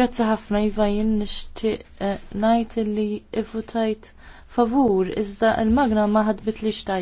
Grazzi ħafna Iva jien nixtieq eh, ngħid li ifutajt favur iżda l-magna ma ħadbitlix li xtajt.